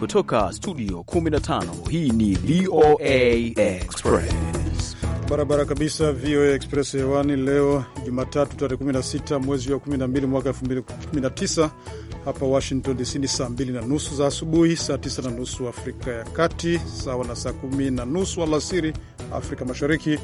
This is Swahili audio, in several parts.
kutoka studio 15 hii ni VOA Express barabara kabisa VOA Express hewani leo Jumatatu tarehe 16 mwezi wa 12 mwaka 2019 hapa Washington DC ni saa 2 na nusu za asubuhi, saa 9 na nusu Afrika ya Kati, sawa na saa 10 na nusu alasiri Afrika Mashariki.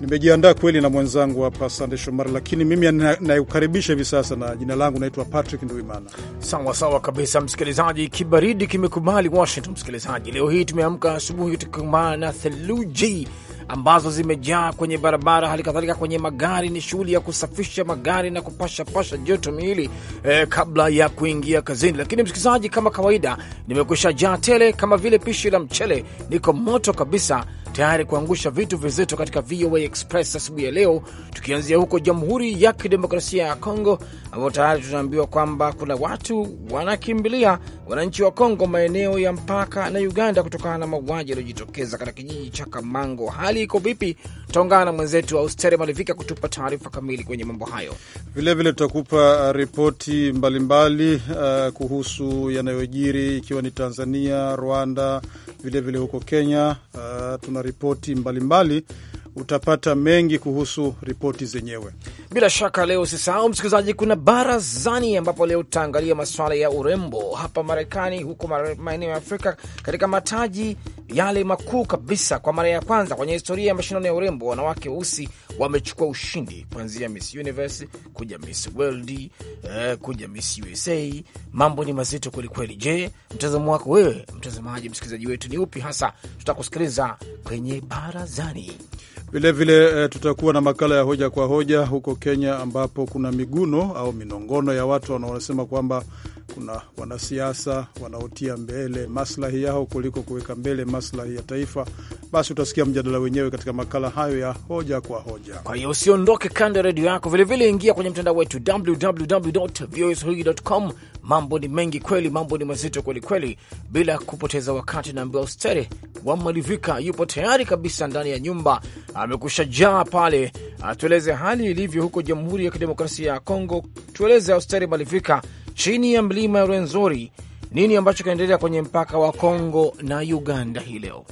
Nimejiandaa kweli na mwenzangu hapa Sande Shomari, lakini mimi nayekukaribisha hivi sasa na jina langu naitwa Patrick Nduimana. Sawa sawa kabisa, msikilizaji, kibaridi kimekubali Washington. Msikilizaji, leo hii tumeamka asubuhi tukikumbana na theluji ambazo zimejaa kwenye barabara, hali kadhalika kwenye magari. Ni shughuli ya kusafisha magari na kupashapasha joto miili eh, kabla ya kuingia kazini. Lakini msikilizaji, kama kawaida, nimekwisha jaa tele kama vile pishi la mchele, niko moto kabisa tayari kuangusha vitu vizito katika VOA Express asubuhi ya leo, tukianzia huko Jamhuri ya Kidemokrasia ya Kongo, ambao tayari tunaambiwa kwamba kuna watu wanakimbilia wananchi wa Kongo maeneo ya mpaka na Uganda kutokana na mauaji yaliyojitokeza katika kijiji cha Kamango. Hali iko vipi Tutaungana na mwenzetu Austere Malivika kutupa taarifa kamili kwenye mambo hayo. Vilevile tutakupa uh, ripoti mbalimbali uh, kuhusu yanayojiri ikiwa ni Tanzania, Rwanda, vilevile vile huko Kenya. Uh, tuna ripoti mbalimbali utapata mengi kuhusu ripoti zenyewe. Bila shaka leo, usisahau msikilizaji, kuna barazani, ambapo leo tutaangalia masuala ya urembo hapa Marekani, huko maeneo ya Afrika katika mataji yale makuu kabisa. Kwa mara ya kwanza kwenye historia ya mashindano ya urembo, wanawake weusi wamechukua ushindi kuanzia Miss Universe kuja Miss World, eh, kuja Miss USA. Mambo ni mazito kwelikweli. Je, mtazamo wako wewe, mtazamaji, msikilizaji wetu, ni upi hasa? Tutakusikiliza kwenye barazani. Vilevile e, eh, tutakuwa na makala ya hoja kwa hoja huko Kenya, ambapo kuna miguno au minongono ya watu wanaosema kwamba kuna wanasiasa wanaotia mbele maslahi yao kuliko kuweka mbele maslahi ya taifa, basi utasikia mjadala wenyewe katika makala hayo ya hoja kwa hoja. Kwa hiyo usiondoke kando ya redio yako, vilevile ingia kwenye mtandao wetu www.voaswahili.com. Mambo ni mengi kweli, mambo ni mazito kweli kweli. Bila kupoteza wakati, naambiwa ustere wa Malivika yupo tayari kabisa ndani ya nyumba, amekusha jaa pale, atueleze hali ilivyo huko Jamhuri ya Kidemokrasia ya Kongo. Tueleze austere Malivika, chini ya mlima ya Rwenzori nini ambacho kinaendelea kwenye mpaka wa Kongo na Uganda hii leo?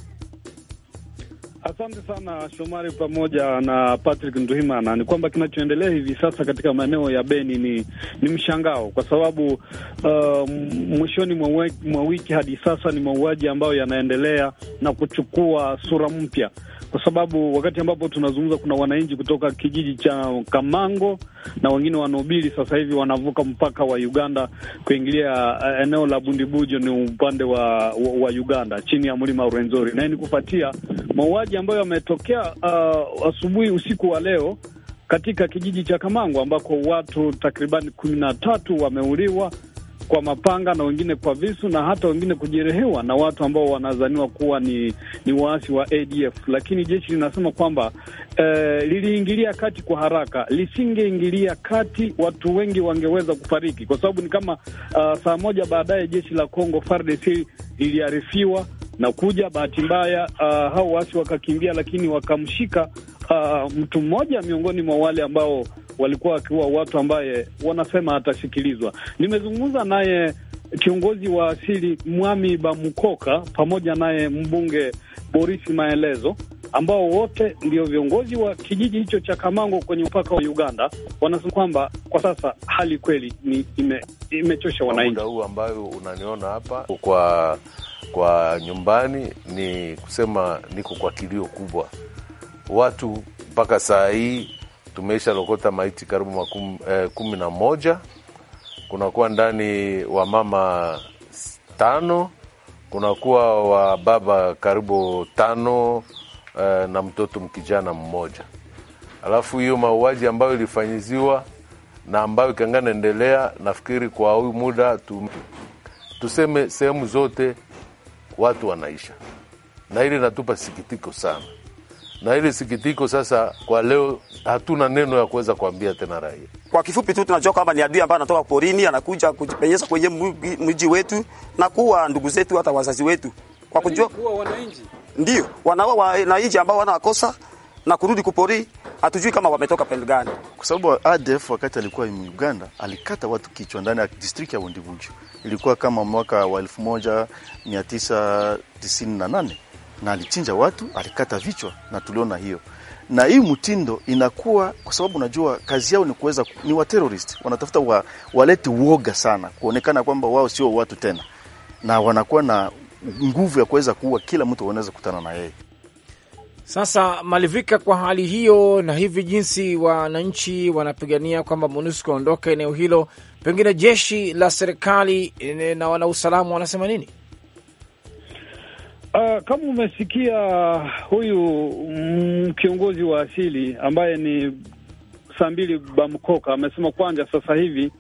Asante sana Shomari pamoja na Patrick Nduhimana. Ni kwamba kinachoendelea hivi sasa katika maeneo ya Beni ni, ni mshangao kwa sababu uh, mwishoni mwa wiki hadi sasa ni mauaji ambayo yanaendelea na kuchukua sura mpya kwa sababu wakati ambapo tunazungumza kuna wananchi kutoka kijiji cha Kamango na wengine wanahubiri sasa hivi wanavuka mpaka wa Uganda kuingilia eh, eneo la Bundibujo, ni upande wa, wa, wa Uganda chini ya mlima Rwenzori, na ni kufuatia mauaji ambayo yametokea uh, asubuhi usiku wa leo katika kijiji cha Kamango ambako watu takribani kumi na tatu wameuliwa kwa mapanga na wengine kwa visu na hata wengine kujeruhiwa na watu ambao wanadhaniwa kuwa ni, ni waasi wa ADF. Lakini jeshi linasema kwamba eh, liliingilia kati kwa haraka. Lisingeingilia kati, watu wengi wangeweza kufariki, kwa sababu ni kama uh, saa moja baadaye jeshi la congo FARDC liliarifiwa na kuja bahati mbaya, uh, hao waasi wakakimbia, lakini wakamshika uh, mtu mmoja miongoni mwa wale ambao walikuwa wakiwa watu ambaye wanasema atasikilizwa. Nimezungumza naye kiongozi wa asili Mwami Bamukoka pamoja naye mbunge Boris Maelezo ambao wote ndio viongozi wa kijiji hicho cha Kamango kwenye mpaka wa Uganda, wanasema kwamba kwa sasa hali kweli ni ime, imechosha wananchi. Muda huu ambayo unaniona hapa kwa kwa nyumbani, ni kusema niko kwa kilio kubwa watu mpaka saa hii tumeisha lokota maiti karibu makum, eh, kumi na moja. Kunakuwa ndani wa mama tano, kunakuwa wa baba karibu tano eh, na mtoto mkijana mmoja. Alafu hiyo mauaji ambayo ilifanyiziwa na ambayo ikanga naendelea, nafikiri kwa huyu muda tu, tuseme sehemu zote watu wanaisha, na hili natupa sikitiko sana na ile sikitiko sasa, kwa leo hatuna neno ya kuweza kuambia tena raia. Kwa kifupi tu tunajua kwamba ni adui ambaye anatoka porini anakuja kujipenyeza kwenye mji wetu na kuwa ndugu zetu, hata wazazi wetu, kwa yaani kujua ndio wanaua wananchi ambao wana wakosa na kurudi kupori, hatujui kama wametoka pande gani, kwa sababu ADF wakati alikuwa in Uganda alikata watu kichwa ndani ya district ya Bundibugyo, ilikuwa kama mwaka wa 1998 na alichinja watu, alikata vichwa na tuliona hiyo. Na hii mtindo inakuwa kwa sababu unajua kazi yao ni kuweza ni wa terrorist, wanatafuta wa, walete uoga sana kuonekana kwamba wao sio watu tena, na wanakuwa na nguvu ya kuweza kuua kila mtu wanaweza kutana na yeye. Sasa malivika kwa hali hiyo na hivi jinsi wananchi wanapigania kwamba MONUSCO aondoke eneo hilo, pengine jeshi la serikali eh, na wanausalama wanasema nini? Uh, kama umesikia huyu mm, kiongozi wa asili ambaye ni Sambili Bamkoka amesema kwanza, sasa hivi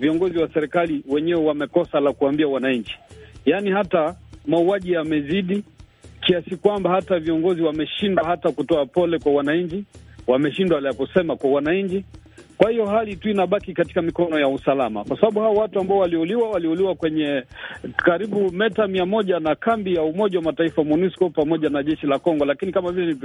viongozi wa serikali wenyewe wamekosa la kuambia wananchi, yaani hata mauaji yamezidi kiasi kwamba hata viongozi wameshindwa hata kutoa pole kwa wananchi, wameshindwa la kusema kwa wananchi, kwa hiyo hali tu inabaki katika mikono ya usalama, kwa sababu hao watu ambao waliuliwa waliuliwa kwenye karibu meta mia moja na kambi ya Umoja wa Mataifa MONUSCO pamoja na jeshi la Kongo. Lakini kama vile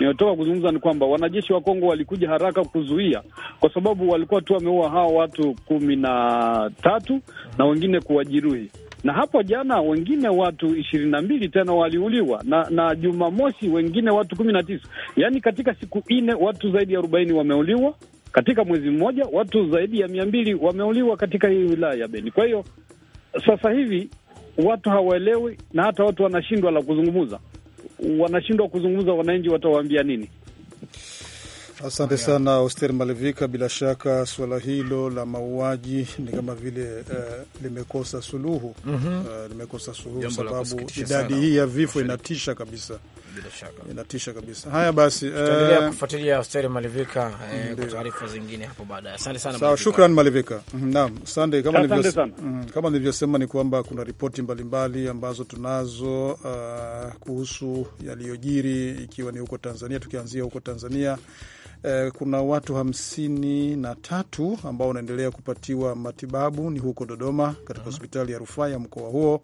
nimetoka kuzungumza, ni kwamba wanajeshi wa Kongo walikuja haraka kuzuia, kwa sababu walikuwa tu wameua hao watu kumi na tatu na wengine kuwajeruhi na hapo jana wengine watu ishirini na mbili tena waliuliwa na, na Jumamosi wengine watu kumi na tisa. Yaani katika siku nne watu zaidi ya arobaini wameuliwa katika mwezi mmoja watu zaidi ya mia mbili wameuliwa katika hii wilaya ya Beni. Kwa hiyo sasa hivi watu hawaelewi, na hata watu wanashindwa la kuzungumza, wanashindwa kuzungumza. Wananchi watawaambia nini? Asante sana Oster Malevika. Bila shaka suala hilo la mauaji ni kama vile uh, limekosa suluhu mm -hmm. uh, limekosa suluhu sababu idadi hii ya vifo inatisha kabisa, inatisha kabisa. Haya basi, eh, kufuatilia Oster Malevika kwa taarifa zingine hapo baadaye. Asante sana sawa, shukran Malevika. Mm, naam, asante. Mm, kama nilivyosema ni kwamba kuna ripoti mbalimbali ambazo tunazo uh, kuhusu yaliyojiri ikiwa ni huko Tanzania, tukianzia huko Tanzania Eh, kuna watu hamsini na tatu ambao wanaendelea kupatiwa matibabu ni huko Dodoma katika hospitali ya rufaa ya mkoa huo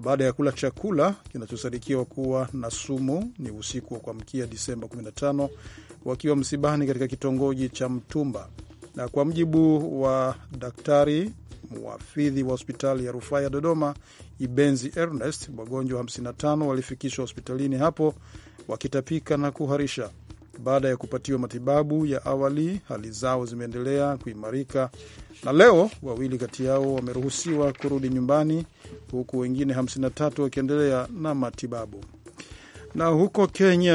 baada ya kula chakula kinachosadikiwa kuwa na sumu. Ni usiku wa kuamkia Disemba 15 wakiwa msibani katika kitongoji cha Mtumba, na kwa mjibu wa daktari mwafidhi wa hospitali ya rufaa ya Dodoma Ibenzi Ernest, wagonjwa 55 walifikishwa hospitalini hapo wakitapika na kuharisha baada ya kupatiwa matibabu ya awali, hali zao zimeendelea kuimarika na leo wawili kati yao wameruhusiwa kurudi nyumbani huku wengine 53 wakiendelea na matibabu. Na huko Kenya,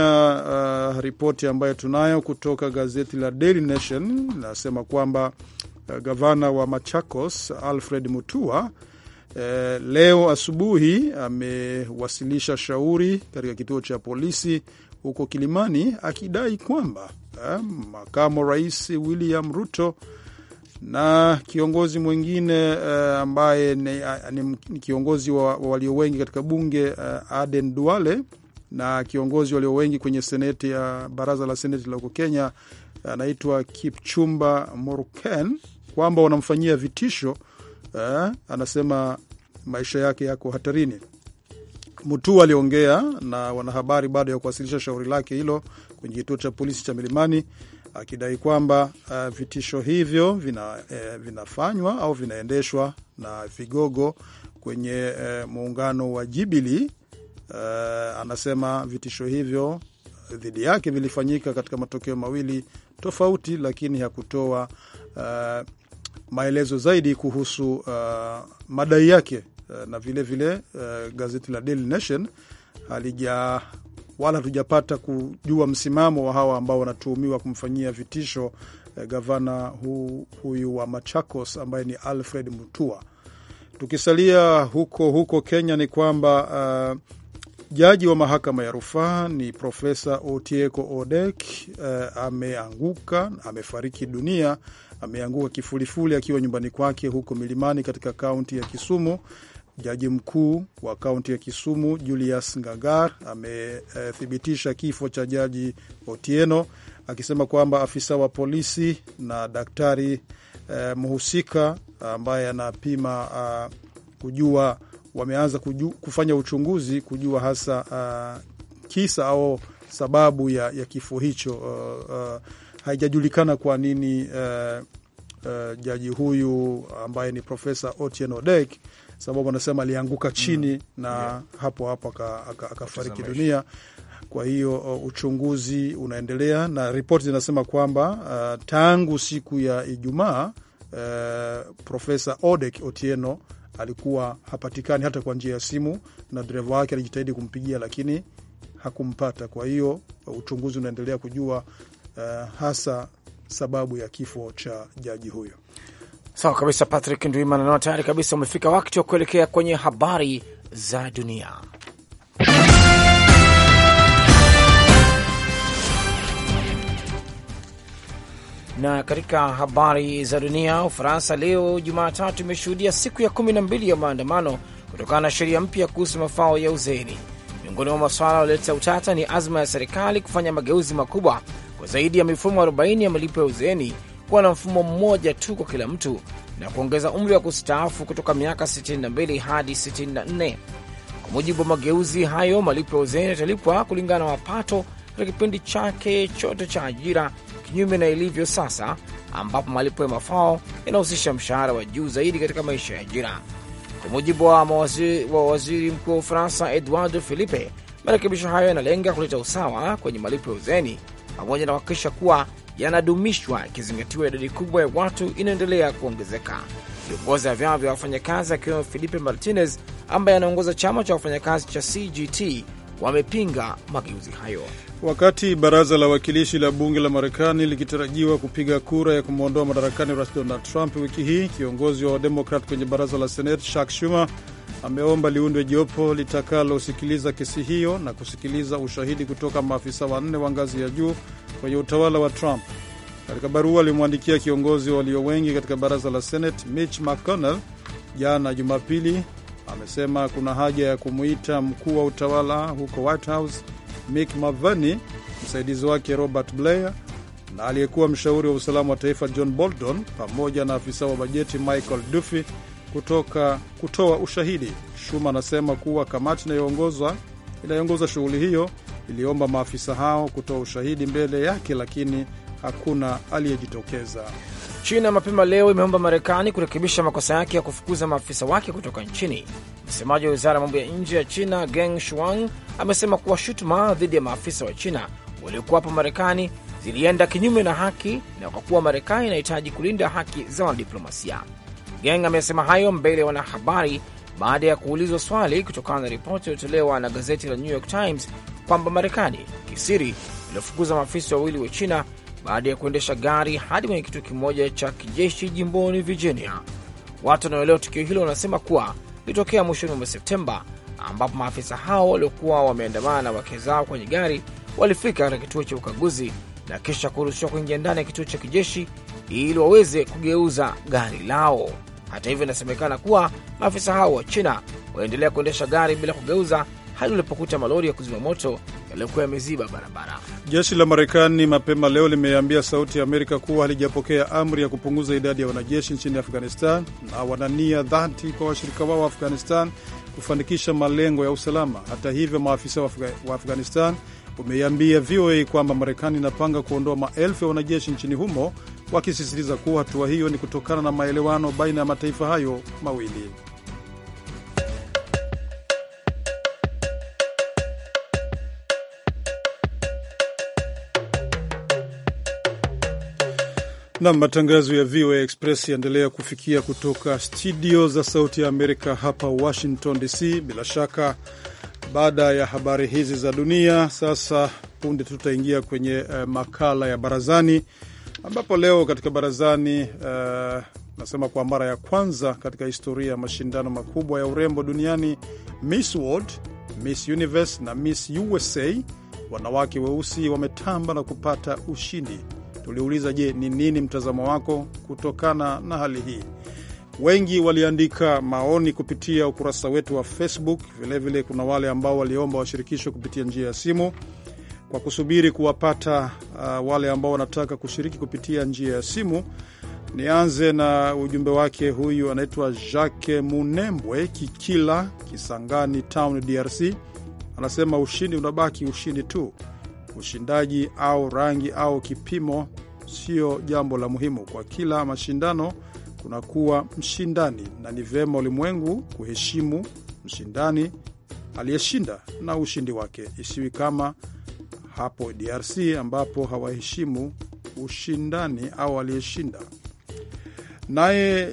uh, ripoti ambayo tunayo kutoka gazeti la Daily Nation inasema kwamba uh, gavana wa Machakos Alfred Mutua uh, leo asubuhi amewasilisha shauri katika kituo cha polisi huko Kilimani akidai kwamba eh, makamu rais William Ruto na kiongozi mwingine eh, ambaye ni, eh, ni, ni kiongozi wa, wa walio wengi katika bunge eh, Aden Duale na kiongozi walio wengi kwenye seneti ya baraza la seneti la huko Kenya anaitwa Kipchumba Murkomen kwamba wanamfanyia vitisho eh, anasema maisha yake yako hatarini. Mutua aliongea na wanahabari baada ya kuwasilisha shauri lake hilo kwenye kituo cha polisi cha Milimani akidai kwamba uh, vitisho hivyo vina, eh, vinafanywa au vinaendeshwa na vigogo kwenye eh, muungano wa Jibili. Uh, anasema vitisho hivyo dhidi yake vilifanyika katika matokeo mawili tofauti, lakini hakutoa uh, maelezo zaidi kuhusu uh, madai yake Eh, na vilevile vile, uh, gazeti la Daily Nation halija wala hatujapata kujua msimamo wa hawa ambao wanatuhumiwa kumfanyia vitisho eh, gavana hu, huyu wa Machakos ambaye ni Alfred Mutua. Tukisalia huko huko Kenya ni kwamba uh, jaji wa mahakama ya rufaa ni Profesa Otieko Odek uh, ameanguka, amefariki dunia, ameanguka kifulifuli akiwa nyumbani kwake huko milimani katika kaunti ya Kisumu Jaji mkuu wa kaunti ya Kisumu Julius Ngagar amethibitisha kifo cha jaji Otieno akisema kwamba afisa wa polisi na daktari eh, mhusika ambaye anapima uh, kujua wameanza kuju, kufanya uchunguzi kujua hasa uh, kisa au sababu ya, ya kifo hicho. Uh, uh, haijajulikana kwa nini uh, uh, jaji huyu ambaye ni Profesa Otieno Dek sababu anasema alianguka mm. chini mm. na yeah. hapo hapo akafariki dunia. Kwa hiyo uh, uchunguzi unaendelea na ripoti zinasema kwamba uh, tangu siku ya Ijumaa uh, Profesa Odek Otieno alikuwa hapatikani hata kwa njia ya simu, na dereva wake alijitahidi kumpigia lakini hakumpata. Kwa hiyo uh, uchunguzi unaendelea kujua uh, hasa sababu ya kifo cha jaji huyo. Sawa kabisa, Patrick Ndwimana, naona tayari kabisa umefika wakati wa kuelekea kwenye habari za dunia. Na katika habari za dunia, Ufaransa leo Jumatatu imeshuhudia siku ya kumi na mbili ya maandamano kutokana na sheria mpya kuhusu mafao ya uzeeni. Miongoni mwa masuala yaliyoleta utata ni azma ya serikali kufanya mageuzi makubwa kwa zaidi ya mifumo 40 ya malipo ya uzeeni kuwa na mfumo mmoja tu kwa kila mtu na kuongeza umri wa kustaafu kutoka miaka 62 hadi 64. Kwa mujibu wa mageuzi hayo, malipo ya uzeeni yatalipwa kulingana na mapato katika kipindi chake chote cha ajira, kinyume na ilivyo sasa ambapo malipo ya mafao yanahusisha mshahara wa juu zaidi katika maisha ya ajira. Kwa mujibu wa mawaziri, wa waziri mkuu wa Ufaransa Edouard Philippe, marekebisho hayo yanalenga kuleta usawa kwenye malipo ya uzeeni pamoja na kuhakikisha kuwa yanadumishwa ikizingatiwa idadi kubwa ya watu inaendelea kuongezeka. Viongozi wa vyama vya wafanyakazi akiwemo Filipe Martinez ambaye anaongoza chama cha wafanyakazi cha CGT wamepinga mageuzi hayo. Wakati baraza la wawakilishi la bunge la Marekani likitarajiwa kupiga kura ya kumwondoa madarakani rais Donald Trump wiki hii, kiongozi wa Wademokrat kwenye baraza la Senate Chuck Schumer ameomba liundwe jopo litakalosikiliza kesi hiyo na kusikiliza ushahidi kutoka maafisa wanne wa ngazi ya juu kwenye utawala wa Trump. Katika barua alimwandikia kiongozi walio wengi katika baraza la Senate Mitch McConnell jana Jumapili, amesema kuna haja ya kumwita mkuu wa utawala huko White House Mick Mulvaney, msaidizi wake Robert Blair na aliyekuwa mshauri wa usalama wa taifa John Bolton pamoja na afisa wa bajeti Michael Duffy kutoka kutoa ushahidi. Shuma anasema kuwa kamati inayoongoza shughuli hiyo iliomba maafisa hao kutoa ushahidi mbele yake, lakini hakuna aliyejitokeza. China mapema leo imeomba Marekani kurekebisha makosa yake ya kufukuza maafisa wake kutoka nchini. Msemaji wa wizara ya mambo ya nje ya China Geng Shuang amesema kuwa shutuma dhidi ya maafisa wa China waliokuwapo Marekani zilienda kinyume na haki na kwa kuwa Marekani inahitaji kulinda haki za wanadiplomasia. Geng amesema hayo mbele ya wanahabari baada ya kuulizwa swali kutokana na ripoti iliyotolewa na gazeti la New York Times kwamba Marekani kisiri iliofukuza maafisa wawili wa China baada ya kuendesha gari hadi kwenye kituo kimoja cha kijeshi jimboni Virginia. Watu wanaoelewa tukio hilo wanasema kuwa ilitokea mwishoni mwa Septemba, ambapo maafisa hao waliokuwa wameandamana na wake zao kwenye gari walifika katika kituo cha ukaguzi na kisha kuruhusiwa kuingia ndani ya kituo cha kijeshi ili waweze kugeuza gari lao. Hata hivyo, inasemekana kuwa maafisa hao wa China waliendelea kuendesha gari bila kugeuza hadi walipokuta malori ya kuzima moto yaliyokuwa yameziba barabara. Jeshi la Marekani mapema leo limeambia Sauti ya Amerika kuwa halijapokea amri ya kupunguza idadi ya wanajeshi nchini Afghanistan na wanania dhati kwa washirika wao wa Afghanistan kufanikisha malengo ya usalama. Hata hivyo, maafisa wa Afghanistan wameiambia VOA kwamba Marekani inapanga kuondoa maelfu ya wanajeshi nchini humo wakisisitiza kuwa hatua hiyo ni kutokana na maelewano baina ya mataifa hayo mawili. Nam, matangazo ya VOA Express yaendelea kufikia kutoka studio za Sauti ya Amerika hapa Washington DC. Bila shaka, baada ya habari hizi za dunia, sasa punde tutaingia kwenye eh, makala ya Barazani ambapo leo katika barazani uh, nasema kwa mara ya kwanza katika historia ya mashindano makubwa ya urembo duniani Miss World, Miss Universe na Miss USA, wanawake weusi wametamba na kupata ushindi. Tuliuliza, je, ni nini mtazamo wako kutokana na hali hii? Wengi waliandika maoni kupitia ukurasa wetu wa Facebook. Vilevile vile kuna wale ambao waliomba washirikishwe kupitia njia ya simu kwa kusubiri kuwapata uh, wale ambao wanataka kushiriki kupitia njia ya simu. Nianze na ujumbe wake huyu, anaitwa Jacques Munembwe Kikila, Kisangani Town, DRC. Anasema ushindi unabaki ushindi tu, ushindaji au rangi au kipimo sio jambo la muhimu. Kwa kila mashindano kunakuwa mshindani, na ni vyema ulimwengu kuheshimu mshindani aliyeshinda na ushindi wake, isiwi kama hapo DRC ambapo hawaheshimu ushindani au aliyeshinda. Naye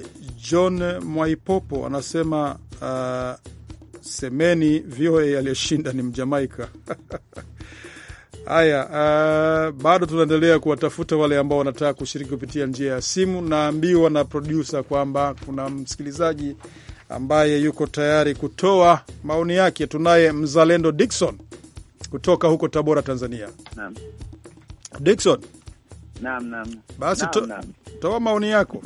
John Mwaipopo anasema uh, semeni VOA aliyeshinda ni Mjamaika. Haya, uh, bado tunaendelea kuwatafuta wale ambao wanataka kushiriki kupitia njia ya simu. Naambiwa na produsa kwamba kuna msikilizaji ambaye yuko tayari kutoa maoni yake. Tunaye mzalendo Dikson kutoka huko Tabora, Tanzania. Naam. Dickson. Naam, naam. Basi naam, to, naam. Toa maoni yako.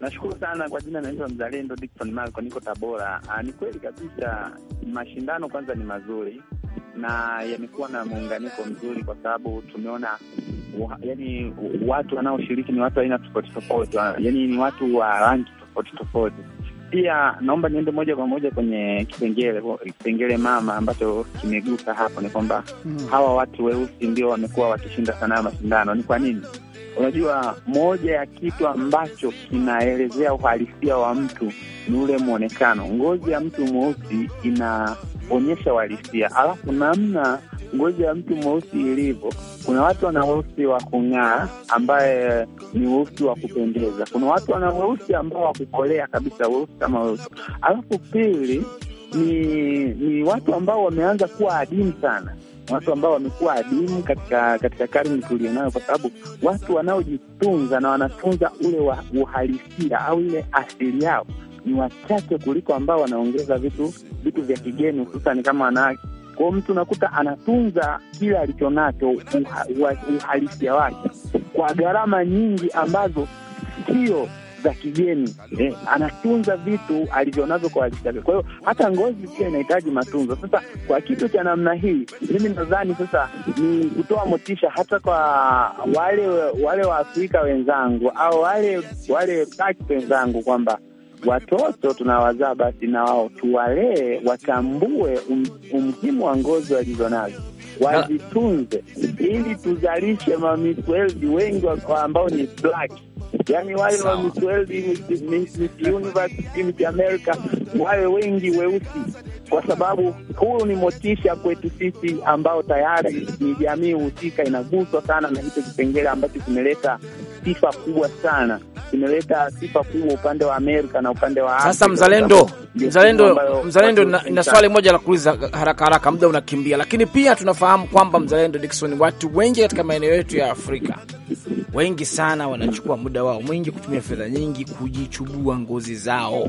Nashukuru sana kwa jina, naitwa Mzalendo Dickson Marco, niko Tabora. Ah, ni kweli kabisa mashindano kwanza ni mazuri na yamekuwa na muunganiko mzuri, kwa sababu tumeona yani watu wanaoshiriki ni watu aina tofauti tofauti, ah, yani ni watu wa rangi tofauti tofauti pia naomba niende moja kwa moja kwenye kipengele kipengele mama ambacho kimegusa hapo, ni kwamba mm, hawa watu weusi ndio wamekuwa wakishinda sana mashindano. Ni kwa nini? Unajua, moja ya kitu ambacho kinaelezea uhalisia wa mtu ni ule mwonekano. Ngozi ya mtu mweusi inaonyesha uhalisia, alafu namna ngozi ya mtu mweusi ilivyo. Kuna watu wana weusi wa kung'aa, ambaye ni weusi wa kupendeza. Kuna watu wana weusi ambao wakukolea kabisa, weusi kama weusi. Alafu pili ni ni watu ambao wameanza kuwa adimu sana, watu ambao wamekuwa adimu katika katika karne tulionayo, kwa sababu watu wanaojitunza na wanatunza ule wa uhalisia au ile asili yao ni wachache kuliko ambao wanaongeza vitu vitu vya kigeni, hususani kama wanawake kwao. mtu unakuta anatunza kile alichonacho, uhalisia wake kwa gharama nyingi ambazo sio za kigeni eh, anatunza vitu alivyonavyo kwa yake. Kwa hiyo hata ngozi pia inahitaji matunzo. Sasa kwa kitu cha namna hii, mimi nadhani sasa ni kutoa motisha hata kwa wale wale Waafrika wenzangu au wale wale wenzangu kwamba watoto tunawazaa, basi na wao tuwalee, watambue um, umuhimu wa ngozi walizonazo wazitunze ili tuzalishe mamisweldi wengi ambao ni black, yani wale mamisweldi Miss Miss America wawe wengi weusi, kwa sababu huyu ni motisha kwetu sisi ambao tayari ni jamii husika inaguswa sana na hicho kipengele ambacho kimeleta sifa kubwa sana, imeleta sifa kubwa upande wa Amerika na upande wa Afrika. Sasa mzalendo mzalendo mzalendo, na, swali moja la kuuliza haraka haraka, muda unakimbia, lakini pia tunafahamu kwamba mzalendo Dickson, watu wengi katika maeneo yetu ya Afrika wengi sana wanachukua muda wao mwingi kutumia fedha nyingi kujichubua ngozi zao.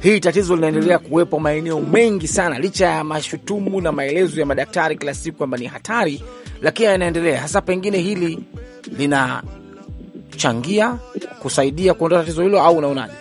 Hii tatizo linaendelea kuwepo maeneo mengi sana, licha ya mashutumu na maelezo ya madaktari kila siku kwamba ni hatari, lakini yanaendelea hasa. Pengine hili lina kuchangia kusaidia kuondoa tatizo hilo, au unaonaje?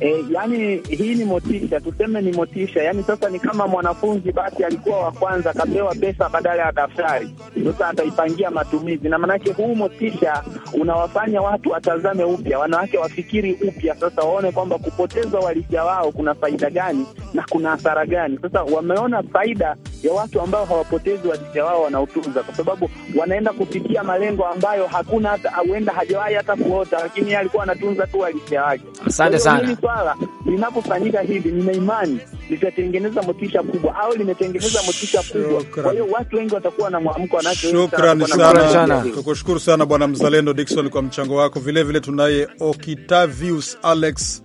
E, yani hii ni motisha, tuseme ni motisha. Yani sasa ni kama mwanafunzi basi alikuwa wa kwanza akapewa pesa badala ya daftari, sasa ataipangia matumizi, na maanake huu motisha unawafanya watu watazame upya, wanawake wafikiri upya, sasa waone kwamba kupoteza walija wao kuna faida gani na kuna hasara gani. Sasa wameona faida ya watu ambao hawapotezi walija wao, wanaotunza kwa sababu wanaenda kufikia malengo ambayo hakuna hata huenda hajawahi hata kuota, lakini alikuwa anatunza tu walija wake. Asante sana swala linapofanyika hivi, nina imani litatengeneza motisha kubwa au limetengeneza motisha kubwa. Kwa hiyo watu wengi watakuwa na mwamko wanacho. Shukrani sana, tukushukuru sana Bwana Mzalendo Dickson kwa mchango wako. Vilevile tunaye Okitavius Alex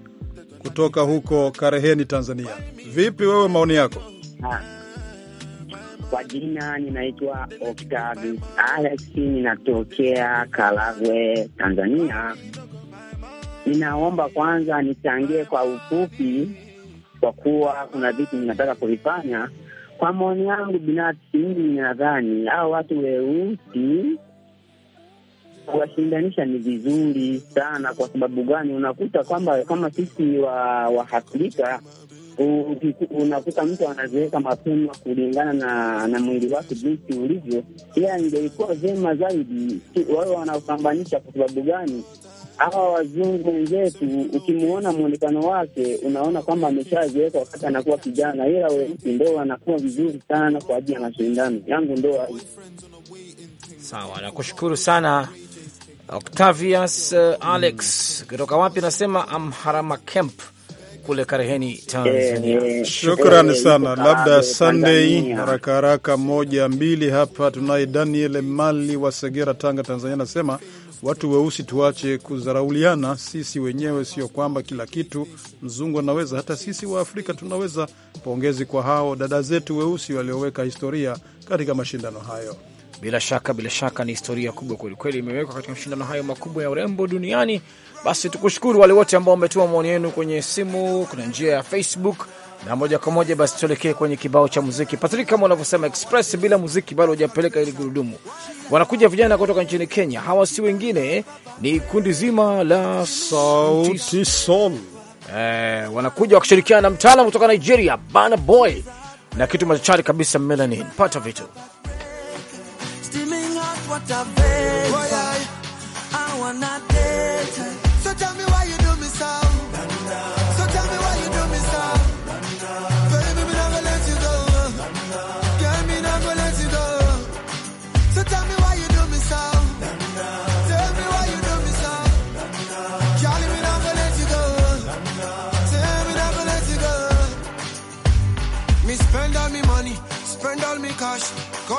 kutoka huko Kareheni, Tanzania. Vipi wewe, maoni yako? Ah, kwa jina ninaitwa Octavius Alex, ninatokea Karagwe, Tanzania ninaomba kwanza nichangie kwa ufupi, kwa kuwa kuna vitu ninataka kuvifanya. Kwa maoni yangu binafsi, mimi ninadhani au watu weusi kuwashindanisha ni vizuri sana. Kwa sababu gani? Unakuta kwamba kama sisi wa Waafrika unakuta mtu anaziweka mapema kulingana na na mwili wake jinsi ulivyo, ila ingelikuwa vyema zaidi wawe wanaopambanisha. Kwa sababu gani? hawa wazungu wenzetu, ukimuona mwonekano wake unaona kwamba ameshaziweka wakati anakuwa kijana, ila weusi ndo anakuwa vizuri sana kwa ajili ya mashindano yangu ndo. Sawa, nakushukuru sana Octavius uh, Alex kutoka wapi? Nasema Amharama Camp kule Kareheni, Tanzania. Eh, eh, Shukrani eh, sana. Labda Sunday, haraka haraka moja mbili hapa. Tunaye Daniel Mali wa Segera, Tanga, Tanzania, anasema watu weusi tuache kudharauliana sisi wenyewe, sio kwamba kila kitu mzungu anaweza, hata sisi wa Afrika tunaweza. Pongezi kwa hao dada zetu weusi walioweka historia katika mashindano hayo. Bila shaka, bila shaka ni historia kubwa kwelikweli imewekwa katika mashindano hayo makubwa ya urembo duniani. Basi tukushukuru wale wote ambao wametuma maoni yenu kwenye simu, kuna njia ya Facebook na moja kwa moja basi tuelekee kwenye kibao cha muziki. Patrick, kama unavyosema express, bila muziki bado hujapeleka ili gurudumu. Wanakuja vijana kutoka nchini Kenya, hawa si wengine, ni kundi zima la Sauti Sol. Eh, wanakuja wakishirikiana na mtaalam kutoka Nigeria, Burna Boy na kitu machachari kabisa, Melanin. Pata vitu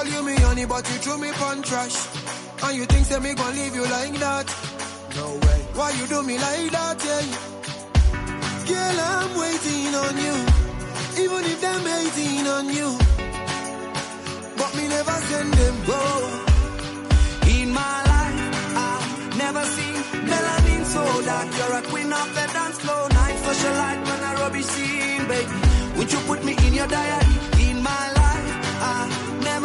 Call you me honey, but you threw me on trash. And you think say me gon' leave you like that? No way. Why you do me like that, yeah? Girl, I'm waiting on you. Even if them hating on you. But me never send them go. In my life, I've never seen melanin so dark. You're a queen of the dance floor. Night social light when I rubbish scene, baby. Would you put me in your diary?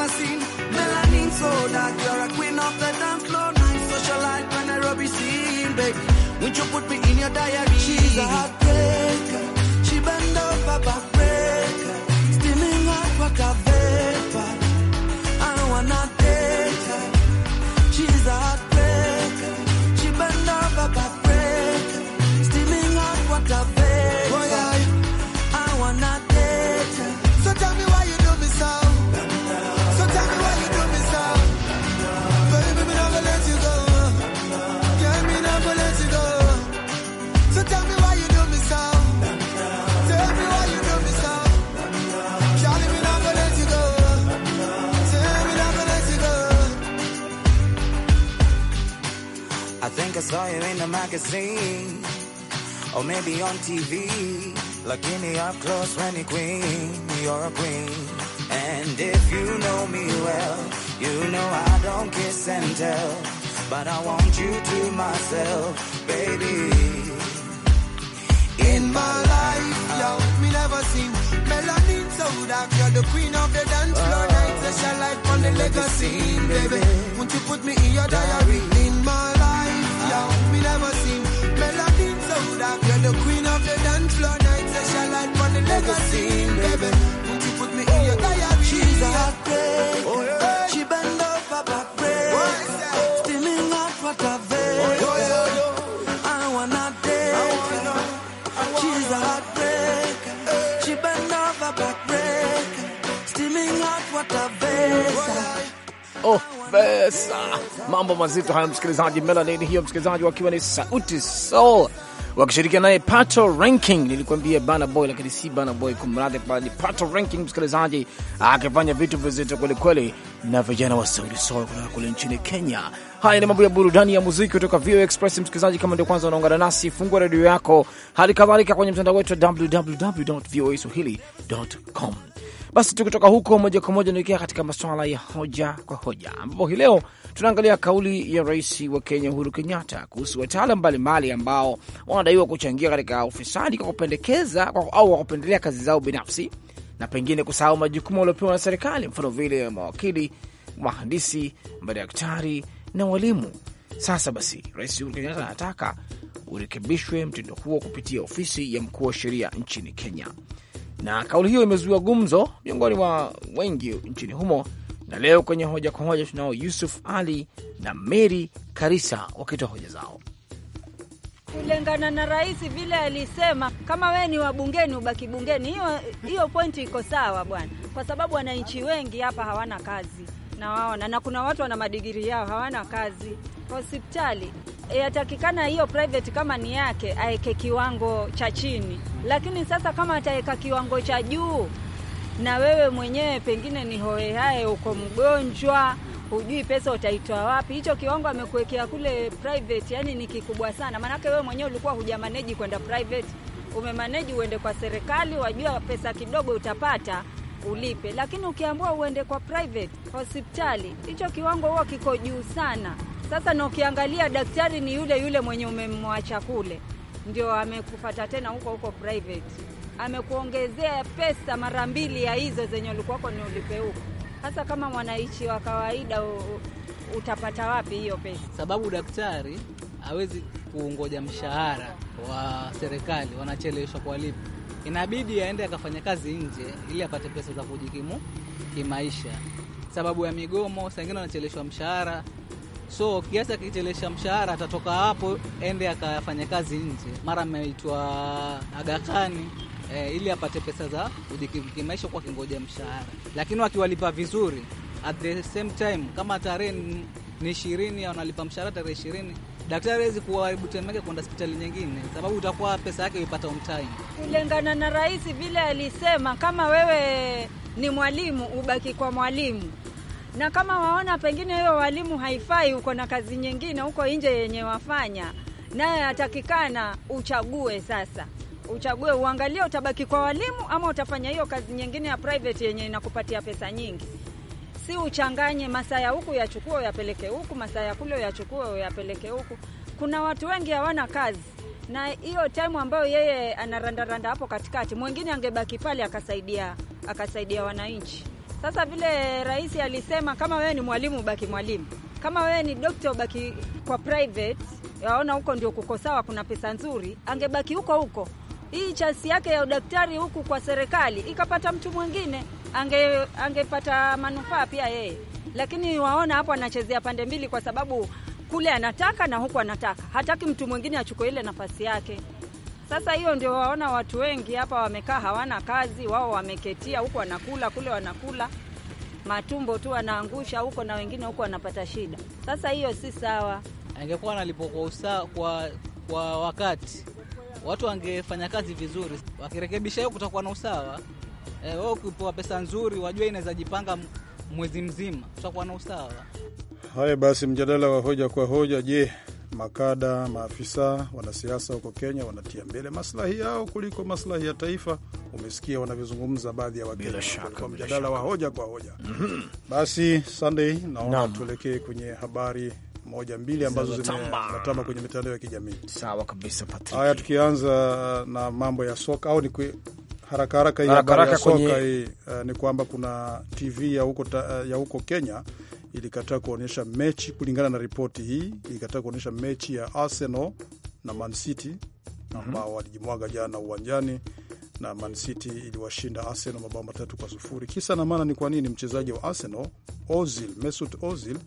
scene. Melanin soda, you're a queen of the dance floor. Nine socialite, my Nairobi scene, baby. Won't you put me in your diary? She's a heartbreaker. She bend over backbreaker. Steaming hot like a vapor. I don't wanna date her. She's a saw you in a magazine, or maybe on TV. Lakini up close when you're queen, you're a queen. And if you know me well, you know I don't kiss and tell. But I want you to myself, baby. In my life, yo, me never seen melanin so dark. You're the queen of the dance floor oh, nights. It's your life on the legacy, baby. Won't you put me in your diary? down. Me never seen melody so dark. You're the queen of the dance floor. Night session light on the legacy, baby. Would you put me in your diary? She's a hot girl. Oh, kabisa. Mambo mazito hayo msikilizaji. Melanie hiyo, msikilizaji, wakiwa ni Sauti Soul wakishirikiana naye Pato Ranking. Nilikwambia bana boy, lakini si bana boy, kumradhi, bali Pato Ranking, msikilizaji, akifanya vitu vizito kwelikweli na vijana wa Sauti Soul kutoka kule nchini Kenya. Haya ni mambo ya burudani ya muziki kutoka VOA Express. Msikilizaji, kama ndio kwanza unaungana nasi, fungua redio yako, hali kadhalika kwenye mtandao wetu wa www voa swahili com basi tukitoka huko moja kwa moja naelekea katika masuala ya hoja kwa hoja, ambapo hii leo tunaangalia kauli ya rais wa Kenya Uhuru Kenyatta kuhusu wataalam mbalimbali ambao wanadaiwa kuchangia katika ufisadi kwa kupendekeza au kwa kupendelea kazi zao binafsi na pengine kusahau majukumu waliopewa na serikali, mfano vile mawakili, wahandisi, madaktari na walimu. Sasa basi, rais Uhuru Kenyatta anataka urekebishwe mtindo huo kupitia ofisi ya mkuu wa sheria nchini Kenya na kauli hiyo imezua gumzo miongoni mwa wengi nchini humo. Na leo kwenye hoja kwa hoja tunao Yusuf Ali na Mary Karisa wakitoa hoja zao kulingana na rais vile alisema, kama wee ni wabungeni ubaki bungeni. Hiyo hiyo pointi iko sawa bwana, kwa sababu wananchi wengi hapa hawana kazi nawaona, na kuna watu wana madigiri yao hawana kazi hospitali yatakikana eh, hiyo private kama ni yake aeke kiwango cha chini, lakini sasa kama ataweka kiwango cha juu, na wewe mwenyewe pengine ni hohehae, uko mgonjwa, hujui pesa utaitoa wapi, hicho kiwango amekuwekea kule private, yani ni kikubwa sana, maanake wewe mwenyewe ulikuwa hujamaneji kwenda private, umemaneji uende kwa serikali, wajua pesa kidogo utapata ulipe, lakini ukiambua uende kwa private hospitali, hicho kiwango huwa kiko juu sana. Sasa na ukiangalia daktari ni yule yule mwenye umemwacha kule, ndio amekufata tena huko huko private, amekuongezea pesa mara mbili ya hizo zenye ulikuwako ni ulipeuka. Sasa kama mwananchi wa kawaida utapata wapi hiyo pesa? Sababu daktari hawezi kungoja mshahara wa serikali, wanacheleweshwa kuwalipa. Inabidi aende akafanya kazi nje ili apate pesa za kujikimu kimaisha, sababu ya migomo. Saa ingine wanacheleweshwa mshahara, So kiasi akichelesha mshahara atatoka hapo ende akafanya kazi nje, mara ameitwa agakani e, ili apate pesa za kujikimaisha kwa kingoja mshahara, lakini wakiwalipa vizuri at the same time, kama tarehe ni ishirini, wanalipa mshahara tarehe ishirini daktari hawezi kuharibu time yake kwenda hospitali nyingine, sababu utakuwa pesa yake ipata on time. Kulingana na rais vile alisema, kama wewe ni mwalimu ubaki kwa mwalimu, na kama waona pengine hiyo walimu haifai, uko na kazi nyingine huko nje yenye wafanya, naye atakikana uchague sasa uchague uangalie, utabaki kwa walimu ama utafanya hiyo kazi nyingine ya private yenye inakupatia pesa nyingi. Si uchanganye masaa ya huku yachukue uyapeleke huku, masaa ya kule yachukue uyapeleke huku. Kuna watu wengi hawana kazi, na hiyo time ambayo yeye anarandaranda hapo katikati, mwingine angebaki pale akasaidia, akasaidia wananchi. Sasa vile rais alisema, kama wewe ni mwalimu ubaki mwalimu, kama wewe ni dokta ubaki kwa private, yaona huko ndio kuko sawa, kuna pesa nzuri, angebaki huko huko. Hii chansi yake ya udaktari huku kwa serikali ikapata mtu mwingine, ange angepata manufaa pia yeye, lakini waona hapo anachezea pande mbili, kwa sababu kule anataka na huku anataka, hataki mtu mwingine achukue ile nafasi yake. Sasa hiyo ndio waona watu wengi hapa wamekaa hawana kazi, wao wameketia huku, wanakula kule, wanakula matumbo tu wanaangusha huko, na wengine huko wanapata shida. Sasa hiyo si sawa. Angekuwa analipwa kwa usawa, kwa, kwa wakati watu wangefanya kazi vizuri. Wakirekebisha hiyo, kutakuwa na usawa. Eh, e, wao ukipewa pesa nzuri, wajua inaweza jipanga mwezi mzima, kutakuwa na usawa. Haya basi, mjadala wa hoja kwa hoja. Je, makada, maafisa, wanasiasa huko Kenya wanatia mbele maslahi yao kuliko maslahi ya taifa. Umesikia wanavyozungumza baadhi ya Wakenya kwa mjadala wa hoja kwa hoja. mm -hmm. Basi Sunday, naona tuelekee kwenye habari moja mbili ambazo zimetamba kwenye mitandao ya kijamii. Sawa kabisa Patrick. Haya, tukianza na mambo ya soka au ni kwe haraka haraka hii habari ya soka hii, uh, ni kwamba kuna TV ya huko, ta, eh, ya huko Kenya ilikataa kuonyesha mechi, kulingana na ripoti hii, ilikataa kuonyesha mechi ya Arsenal na Man City ambao mm -hmm. walijimwaga jana uwanjani na Man City iliwashinda Arsenal mabao matatu kwa sufuri. Kisa na maana ni kwa nini mchezaji wa Arsenal Ozil, Mesut Ozil,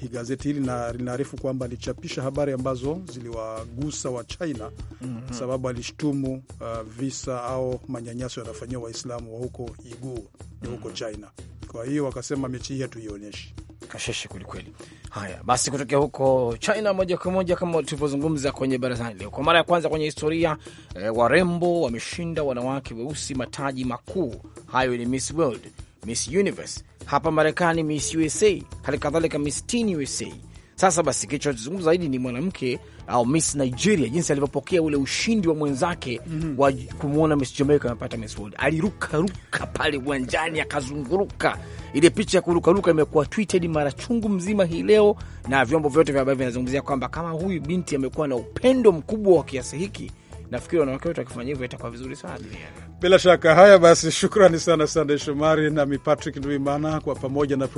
hii gazeti hili linaarifu kwamba alichapisha habari ambazo ziliwagusa wa China mm -hmm. sababu alishtumu uh, visa au manyanyaso yanafanyia Waislamu wa huko Iguu ya huko mhm. China. Kwa hiyo wakasema mechi hii hatuionyeshi kasheshe kwelikweli. Haya basi, kutokea huko China moja kwa moja, kama tulivyozungumza kwenye barazani leo, kwa mara ya kwanza kwenye historia e, warembo wameshinda wanawake weusi mataji makuu. Hayo ni Miss World, Miss Universe hapa Marekani, Miss USA hali kadhalika Miss Teen USA. Sasa basi, kilichozungumza zaidi ni mwanamke au Miss Nigeria, jinsi alivyopokea ule ushindi wa mwenzake mm -hmm. wa kumwona Miss Jamaica amepata Miss World. Alirukaruka pale uwanjani akazunguruka ile picha ya kurukaruka imekuwa tweeted mara chungu mzima hii leo, na vyombo vyote vya habari vinazungumzia kwamba kama huyu binti amekuwa na upendo mkubwa wa kiasi hiki nafikiri wanawake wote wakifanya hivyo itakuwa vizuri sana duniani. Bila shaka. Haya basi, shukrani sana Sandey Shomari na mi Patrick Nduimana kwa pamoja na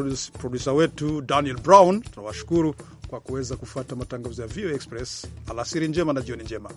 produsa wetu Daniel Brown tunawashukuru kwa kuweza kufuata matangazo ya VOA Express. Alasiri njema na jioni njema.